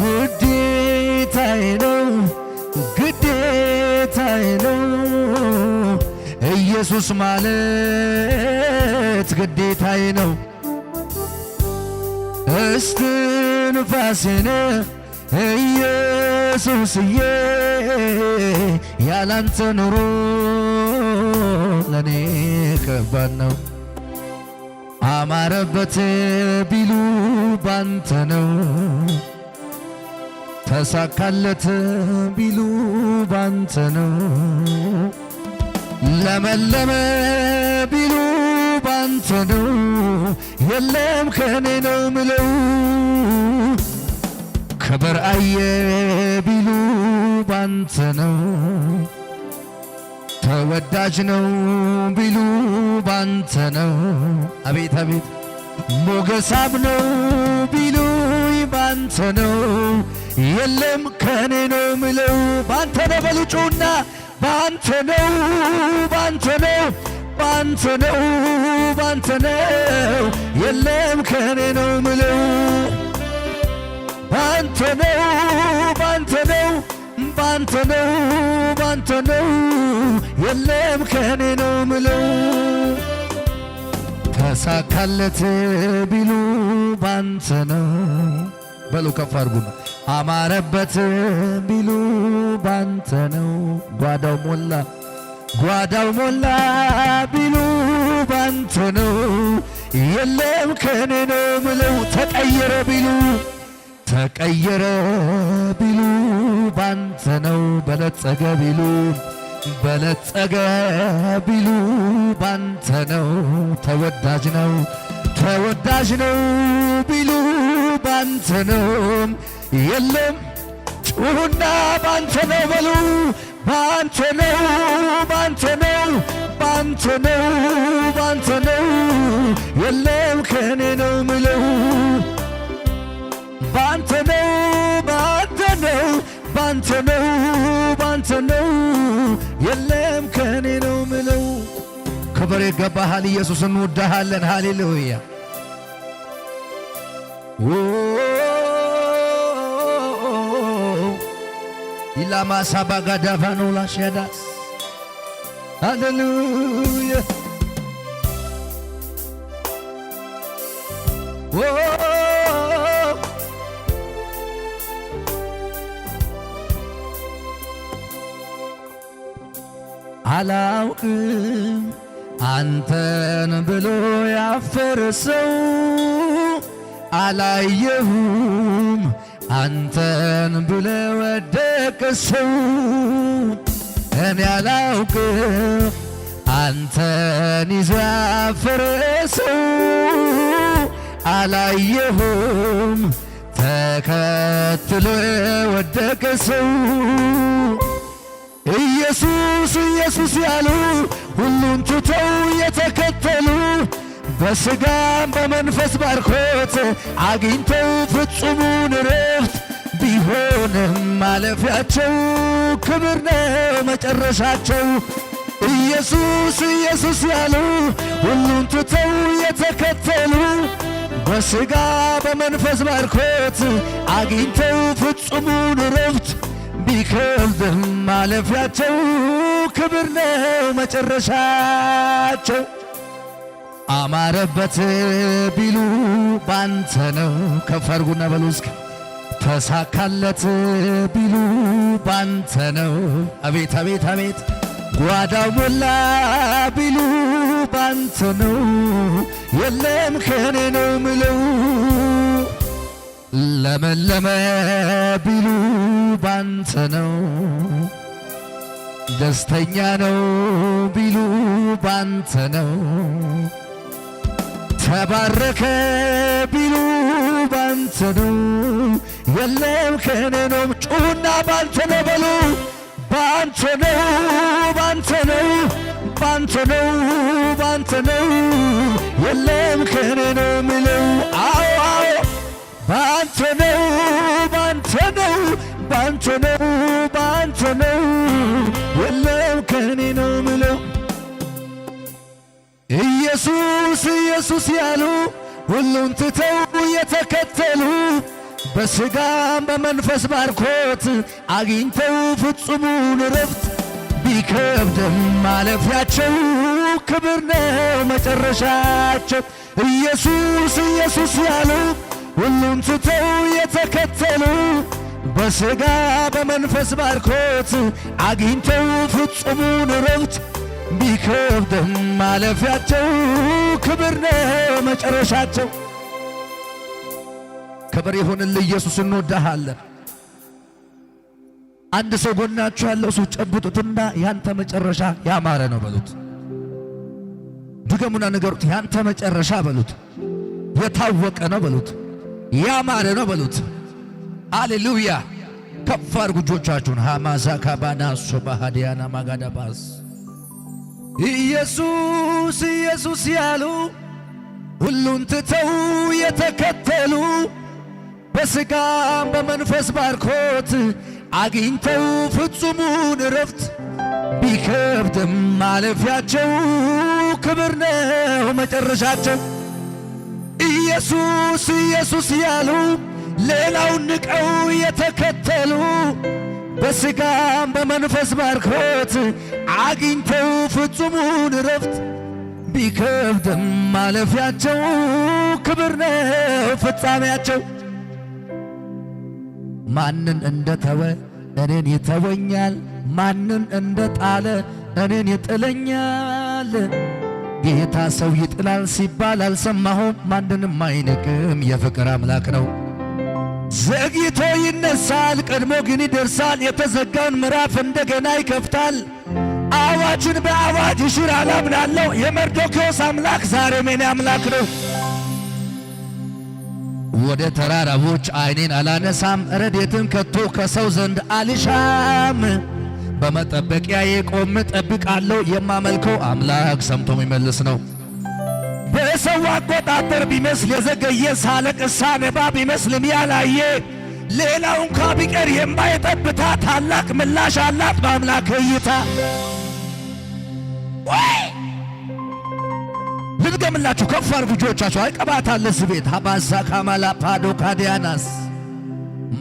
ግዴታዬ ነው፣ ግዴታዬ ነው። ኢየሱስ ማለት ግዴታዬ ነው። እስትንፋሴነ ኢየሱስዬ ያላንተ ኑሮ ለኔ ከባድ ነው። አማረበት ቢሉ ባንተ ነው ተሳካለት ቢሉ ባንተ ነው፣ ለመለመ ቢሉ ባንተ ነው፣ የለም ከኔ ነው ምለው ከበር አየ ቢሉ ባንተ ነው፣ ተወዳጅ ነው ቢሉ ባንተ ነው። አቤት አቤት ሞገሳም ነው ቢሉ ባንተ ነው የለም ከኔ ነው ምለው ባንተ ነው በልጩና ባንተ ነው ባንተ ነው ባንተ ነው ባንተ ነው የለም ከኔ ነው ምለው ባንተ ነው ባንተ ነው ባንተ ነው ባንተ ነው የለም ከኔ ነው ምለው ተሳካለት ቢሉ ባንተ ነው በሉ ከፍ አድርጉም። አማረበት ቢሉ ባንተ ነው ጓዳው ሞላ ጓዳው ሞላ ቢሉ ባንተ ነው የለም ከኔ ነው ብለው ተቀየረ ቢሉ ተቀየረ ቢሉ ባንተ ነው በለጸገ ቢሉ በለጸገ ቢሉ ባንተ ነው ተወዳጅ ነው ተወዳጅ ነው ቢሉ ባንተ ነው የለም ጩሁና ባንተ ነው በሉ ባንተ ነው ባንተ ነው ባንተ ነው ባንተ ነው የለም ከኔ ነው ምለው ባንተ ነው ባንተ ነው ባንተ ነው ባንተ ነው የለም ከኔ ነው ምለው ክብር ይገባሃል ኢየሱስ እንወዳሃለን ሃሌሉያ ilamasabagadavanolasiadas haleluya አላውቅም አንተን ብሎ ያፈረ ሰው አላየሁም አንተን ብለ ወደቀ ሰው እኔ አላውቅ አንተን ይዞ ያፈረ ሰው አላየሁም ተከትሎ ወደቀ ሰው ኢየሱስ ኢየሱስ ያሉ ሁሉን ትተው የተከተሉ በሥጋም በመንፈስ ባርኮት አግኝተው ፍጹሙን ረፍት ቢሆንም ማለፊያቸው ክብር ነው መጨረሻቸው። ኢየሱስ ኢየሱስ ያሉ ሁሉን ትተው የተከተሉ በስጋ በመንፈስ ባርኮት አግኝተው ፍጹሙን ረፍት ቢከብድም ማለፊያቸው ክብር ነው መጨረሻቸው። አማረበት ቢሉ ባንተ ነው። ከፍ አድርጉና ተሳካለት ቢሉ ባንተ ነው። አቤት አቤት አቤት ጓዳው ሞላ ቢሉ ባንተ ነው። የለም ከኔ ነው ምለው ለመለመ ቢሉ ባንተ ነው። ደስተኛ ነው ቢሉ ባንተ ነው። ተባረከ ቢሉ ባንተ ነው፣ የለም ከኔ ነው። ጩሁና ባንተ ነው በሉ። ባንተ ነው፣ ባንተ ነው፣ ባንተ ነው፣ ባንተ ነው፣ የለም ከኔ ነው ምለው። አዎ አዎ ባንተ ነው፣ ባንተ ነው፣ ባንተ ነው፣ ባንተ ነው፣ የለም ከኔ ነው ምለው ኢየሱስ ኢየሱስ ያሉ ሁሉን ትተው የተከተሉ በሥጋም በመንፈስ ባርኮት አግኝተው ፍጹሙን ረፍት ቢከብድም ማለፊያቸው ክብር ነው መጨረሻቸው። ኢየሱስ ኢየሱስ ያሉ ሁሉን ትተው የተከተሉ በሥጋ በመንፈስ ባርኮት አግኝተው ፍጹሙን ረፍት ቢከብድም ማለፊያቸው ክብር ነው መጨረሻቸው። ክብር ይሁንልህ ኢየሱስ፣ እንወዳሃለን። አንድ ሰው ጎናችሁ ያለው ሰው ጨብጡትና ያንተ መጨረሻ ያማረ ነው በሉት። ድገሙና ንገሩት። ያንተ መጨረሻ በሉት። የታወቀ ነው በሉት። ያማረ ነው በሉት። ሃሌሉያ! ከፍ አድርጉ እጆቻችሁን ሃማዛ ካባና ሶባሃዲያና ማጋዳባስ ኢየሱስ ኢየሱስ ያሉ ሁሉን ትተው የተከተሉ በስጋ በመንፈስ ባርኮት አግኝተው ፍጹሙን ረፍት ቢከብድም ማለፊያቸው ክብር ነው መጨረሻቸው። ኢየሱስ ኢየሱስ ያሉ ሌላውን ንቀው የተከተሉ በሥጋም በመንፈስ ባርኮት አግኝተው ፍጹሙን እረፍት ቢከብድም ማለፊያቸው ክብር ነው ፍጻሜያቸው። ማንን እንደተወ እኔን ይተወኛል፣ ማንን እንደጣለ እኔን ይጥለኛል። ጌታ ሰው ይጥላል ሲባል አልሰማሁም። ማንንም አይንቅም፣ የፍቅር አምላክ ነው። ዘግይቶ ይነሳል፣ ቀድሞ ግን ይደርሳል። የተዘጋውን ምዕራፍ እንደገና ይከፍታል። አዋጅን በአዋጅ ይሽር አላምናለሁ። የመርዶክዮስ አምላክ ዛሬ ሜኔ አምላክ ነው። ወደ ተራራዎች ዓይኔን አላነሳም፣ ረድኤትን ከቶ ከሰው ዘንድ አልሻም። በመጠበቂያዬ ቆሜ እጠብቃለሁ። የማመልከው አምላክ ሰምቶ የሚመልስ ነው። በሰው አቆጣጠር ቢመስል የዘገየ ሳለቅሳ ነባ ቢመስልም ያላየ ሌላው እንኳ ቢቀር የማይጠብታ ታላቅ ምላሽ አላት በአምላክ እይታ። ወይ ልድገምላችሁ ከፍ አርጉ እጆቻችሁ። አይቀባት አለስ ቤት ሀባሳ ካማላ ፓዶ ካዲያናስ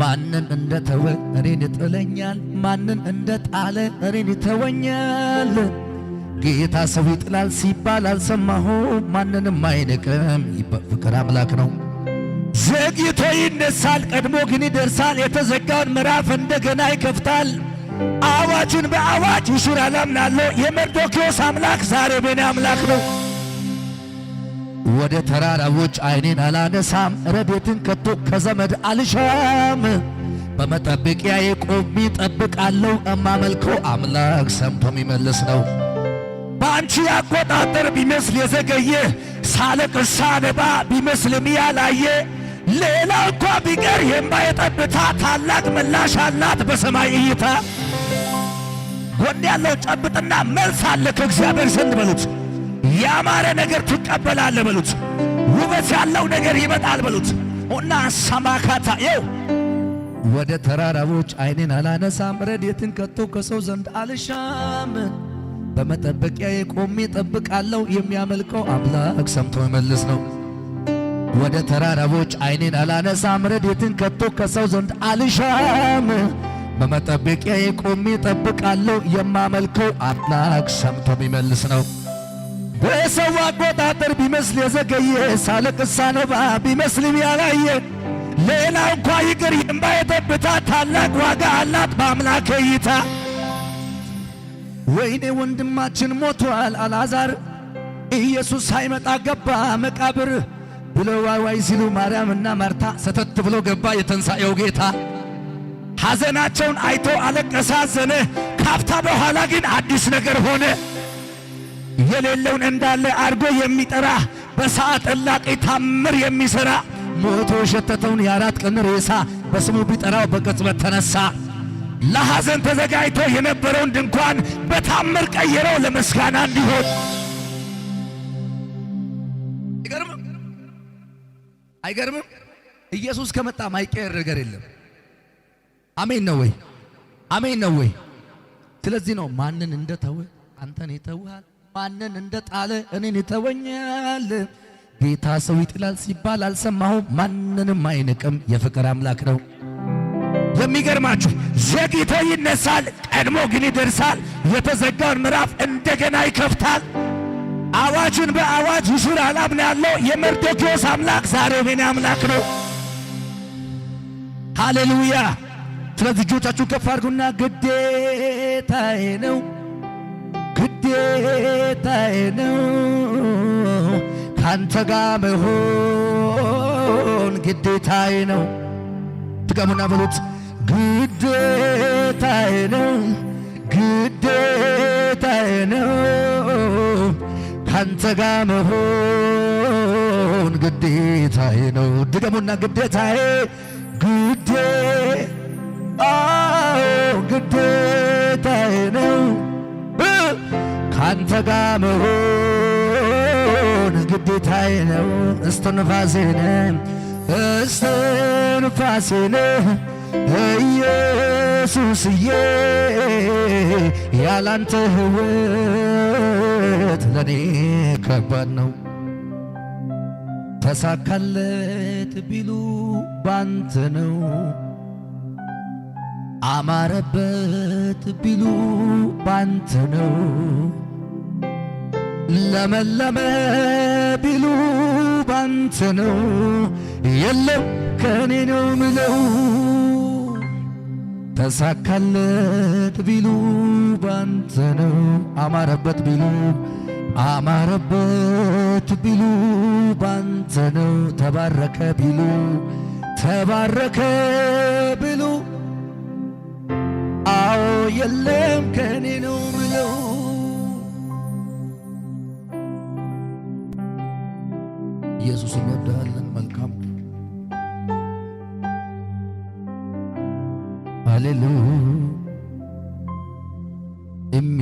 ማንን እንደ ተወ እኔን ይጥለኛል፣ ማንን እንደ ጣለ እኔን ይተወኛል። ጌታ ሰው ይጥላል ሲባል አልሰማሁ ማንንም አይንቅም። ፍቅር አምላክ ነው። ዘግይቶ ይነሳል፣ ቀድሞ ግን ይደርሳል። የተዘጋውን ምዕራፍ እንደገና ይከፍታል። አዋጅን በአዋጅ ይሽር አላምናለሁ። የመርዶክዮስ አምላክ ዛሬ በኔ አምላክ ነው። ወደ ተራራዎች አይኔን አላነሳም፣ ረዴትን ከቶ ከዘመድ አልሻም። በመጠበቂያዬ ቆሜ እጠብቃለሁ። እማመልከው አምላክ ሰምቶ የሚመልስ ነው። አንቺ ያቆጣጠር ቢመስል የዘገየ ሳለቅ ሳነባ ቢመስል ያላየ ሌላ እንኳ ቢቀር የእምባዬ ጠብታ ታላቅ ምላሽ አላት በሰማይ እይታ። ጎን ያለው ጨብጥና መልስ አለ ከእግዚአብሔር ዘንድ በሉት። ያማረ ነገር ትቀበላለ በሉት። ውበት ያለው ነገር ይመጣል በሉት። ሆና ሰማካታ የው ወደ ተራራዎች አይኔን አላነሳም ረድኤትን ከቶ ከሰው ዘንድ አልሻምን በመጠበቂያዬ ቆሜ ጠብቃለሁ። የሚያመልከው አምላክ ሰምቶ መልስ ነው። ወደ ተራራቦች አይኔን አላነሳም። ረድኤትን ከቶ ከሰው ዘንድ አልሻም። በመጠበቂያዬ ቆሜ ጠብቃለሁ። የማመልከው አምላክ ሰምቶ የሚመልስ ነው። በሰው አቆጣጠር ቢመስል የዘገየ ሳለቅስ ሳነባ ቢመስልም ያላየ ሌላ እንኳ ይቅር የእምባዬ ታላቅ ዋጋ አላት በአምላክ እይታ ወይኔ ወንድማችን ሞቷል አልዓዛር ኢየሱስ ሳይመጣ ገባ መቃብር ብለው ዋይ ሲሉ ማርያምና ማርታ ሰተት ብሎ ገባ የተንሣኤው ጌታ። ሐዘናቸውን አይቶ አለቀሰ፣ አዘነ። ካፍታ በኋላ ግን አዲስ ነገር ሆነ። የሌለውን እንዳለ አድርጎ የሚጠራ በሰዓት እላቂ ታምር የሚሠራ ሞቶ የሸተተውን የአራት ቀን ሬሳ በስሙ ቢጠራው በቅጽበት ተነሳ ለሐዘን ተዘጋጅቶ የነበረውን ድንኳን በታምር ቀየረው ለምስጋና እንዲሆን። አይገርምም? አይገርምም? ኢየሱስ ከመጣ ማይቀየር ነገር የለም። አሜን ነው ወይ? አሜን ነው ወይ? ስለዚህ ነው ማንን እንደተወ አንተን ይተውሃል፣ ማንን እንደጣለ እኔን ይተወኛል። ጌታ ሰው ይጥላል ሲባል አልሰማሁም። ማንንም አይንቅም። የፍቅር አምላክ ነው። የሚገርማችሁ ዘግይቶ ይነሳል፣ ቀድሞ ግን ይደርሳል። የተዘጋውን ምዕራፍ እንደገና ይከፍታል። አዋጅን በአዋጅ ይሽር አላምን ያለው የመርዶኪዎስ አምላክ ዛሬ የኔ አምላክ ነው። ሃሌሉያ። ስለዚህ እጆቻችሁ ከፍ አድርጉና ግዴታዬ ነው፣ ግዴታዬ ነው ካንተ ጋር መሆን ግዴታዬ ነው። ድገሙና በሉት ግዴታዬ ነው ግዴታዬ ነው ካንተ ጋር መሆን ግዴታዬ ነው። ድገሙና ግዴታዬ ግዴ ግዴታዬ ነው ካንተ ጋር መሆን ግዴታዬ ነው እስትንፋሴ ነህ እስትንፋሴ ነህ ኢየሱስዬ ያላንተ ህይወት ለኔ ከባድ ነው። ተሳካለት ቢሉ ባንተ ነው፣ አማረበት ቢሉ ባንተ ነው፣ ለመለመ ቢሉ ባንተ ነው። የለም ከኔ ነው ምለው ተሳካለት ቢሉ ባንተ ነው። አማረበት ቢሉ አማረበት ቢሉ ባንተ ነው። ተባረከ ቢሉ ተባረከ ቢሉ አዎ የለም ከኔ ነው ምለው ኢየሱስን እንወዳለን። አልልም እሚ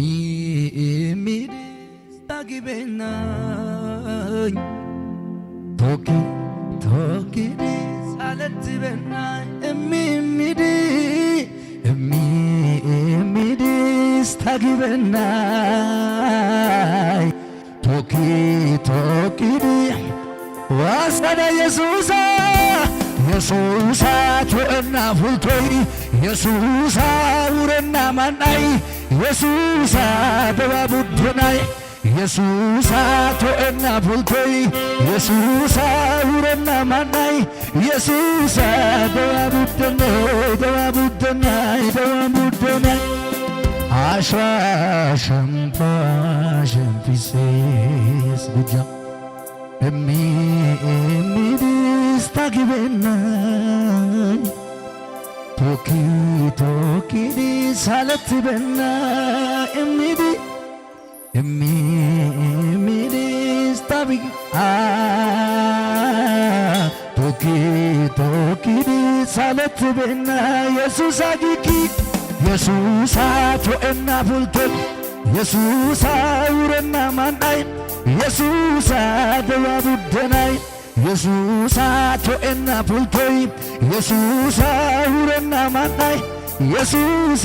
እሚ ደስታ ግቤናኝ ቶኪ ቶኪ ደስ አለትበናኝ እሚ እሚ እሚ እሚ ደስታ ግቤናኝ ቶኪ ቶኪ ዋሰነ ኢየሱሳ የሱሳ ቾእና ፉልቶይ የሱሳ ውረና ማናይ የሱሳ ደባቡድናይ የሱሳ ቶእና ፉልቶይ የሱሳ ውረና ማናይ የሱሳ ደባቡድናይ ደባቡድናይ ደባቡድናይ አሸዋ ሸምቷ ሸምፊሴስ ግቤና ቶኪ ቶኪዲ ሳለትበና እሚዲ እሚ እሚዲ ስታቢ ቶኪ ቶኪዲ ሳለትበና የሱሳ ጊኪ የሱሳ ቶኤና ፉልቴ የሱሳ ውረና ማንዳይ የሱሳ ደዋ የሱሳ ቶኤና ፑልቶይ የሱሳ ሁረና ማናይ የሱሳ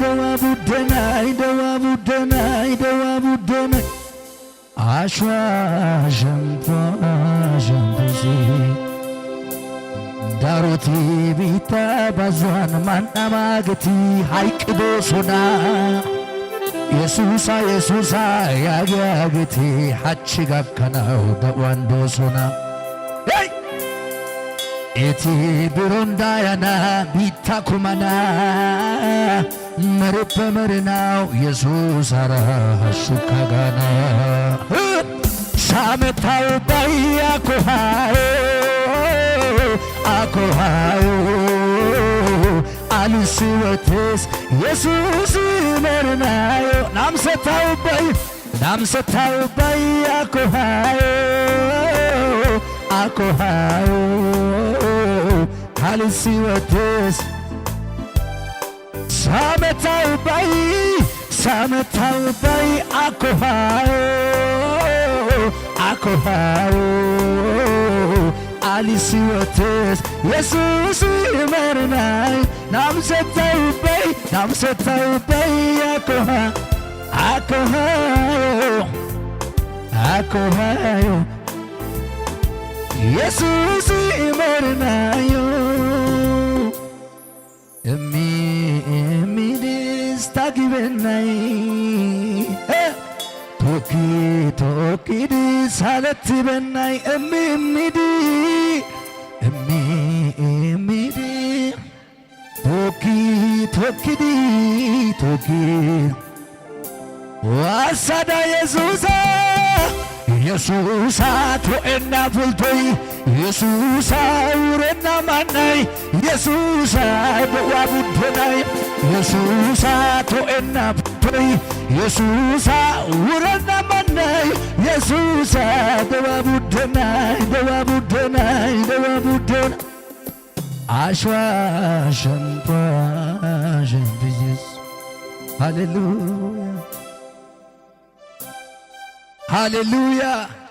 ደዋ ቡደናይ ደዋ ቡደናይ ደዋ ቡደናይ አሸዋ ሸንፎ ሸንፎሲ ዳሮቲ ቢታ ባዟን ማናማግቲ ሀይቅ ቦሶና የሱሳ የሱሳ ያግያግቲ ሐቺ ጋከናው ደዋን ቦሶና eti birondaayana biitta kumana መሬት በመሪናው የሱስ አራሹካጋና ሳመታው ባይ አኮሃዮ አኮሃዮ አልስወትስ የሱስ መርናዮ ናምሰታው ባይ ናምሰታው ባይ አኮሃዮ አኮሃዮ ሀልሲ ወቴስ ሳመታው ባይ ሳመታው ባይ አኮሃዮ አኮሃዮ አሊሲ ወቴስ የሱስ ይመርናይ ናምሰታው ባይ ናምሰታው ባይ አኮሃ ኢየሱስ መርናዮ እሚ እሚ ድስታ ግበናይ ቶኪ ቶኪ ድስ ሃለት በናይ እሚ እሚድ እሚ እሚድ ቶኪ ቶኪድ ቶኪ ዋሳዳ የሱሳ ኢየሱስ አትሮኤና ፉልቶይ ኢየሱስ ውሬና ማናይ ኢየሱስ በዋቡደናይ ኢየሱስ አትሮኤና ፉልቶይ ኢየሱስ ውሬና ማናይ ኢየሱስ በዋቡደናይ በዋቡደናይ በዋቡደና አሸዋ ሸንቋ ሸንብይዝ ሃሌሉያ Haleluya.